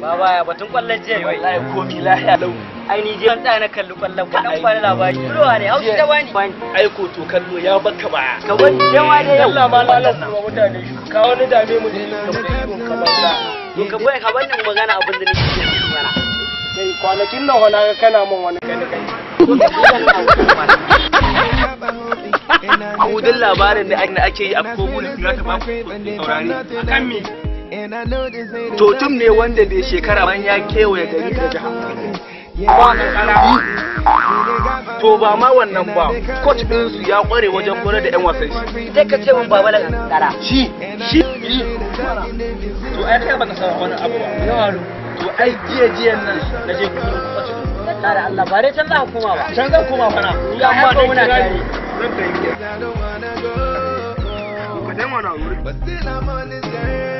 Baba ya batun kwallon jiya yau. Wallahi kofi lahiya lau. Ai ni jiya na kalli kwallon ka dan bani labari. Ruwa ne hausa ta bani. Ai ko to kallo ya baka baya. Ka wani jawa ne yau. Allah ma lalas wa mutane. Ka wani dame mu ne ka fito ka balla. To ka bai ka bani ni magana abin da nake so magana. Kai kwanakin nan wala kana mun wani kai kai. Abudin labarin da ake yi a ta ba taɓa saurari a kan me? To totum ne wanda da shekara ban ya kewaye gari da jiha to ba ma wannan ba coach din su ya kware wajen kore da yan wasan shi sai ka ce mun ba laga tsara shi shi to ai ta baka san wani abu ba yawa to ai jiya jiyan nan na je kusa da Allah ba dai can za kuma ba can za ba na. ya ba dai muna tare But still I'm on this game.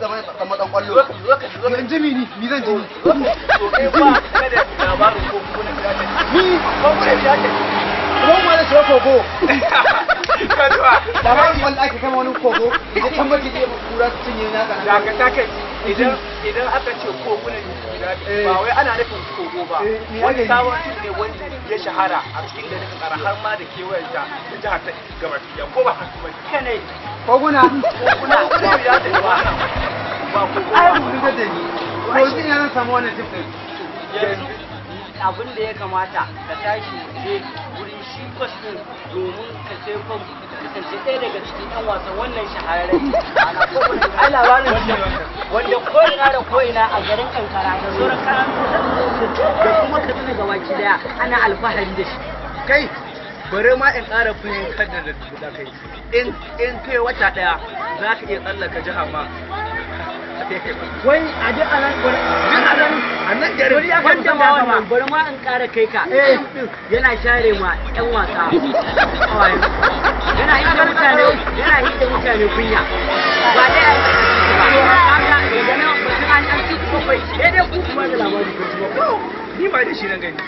zama zama dan kwallo in ni ni zan ni mu da shi kogo da ba mu wanda ake kama wani kogo baki kura su cinye na kana da ka take idan idan aka ce ba wai ana nufin kogo ba wani sabon ne wanda ya shahara a cikin da tsara har ma da kewayenta ta jihar ta ko ba haka ba koguna koguna koguna cutar da ni ko shi ya samu wannan tip yanzu abin da ya kamata ka tashi je wurin shi kwas domin ka ce kwan kasance ɗaya daga cikin ɗan wasan wannan shahararren ai labarin wanda ko ina da ko'ina a garin kankara da sauran karatu da kuma ka tuna gabaki daya ana alfahari da shi kai bari ma in ƙara fulin kan da kai in kai wata ɗaya za ka iya tsallaka jiha ma wai a duk anan duk wani ya kan bari ma in kai ka eh. yana share ma yan wasa yana hita mutane yana hita mutane kunya ba dai a ni ba da shi na gani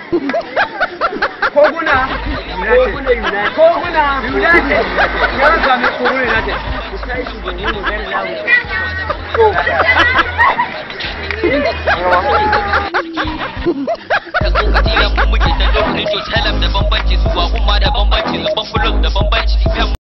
koguna koguna koguna united ya rasa koguna 哦。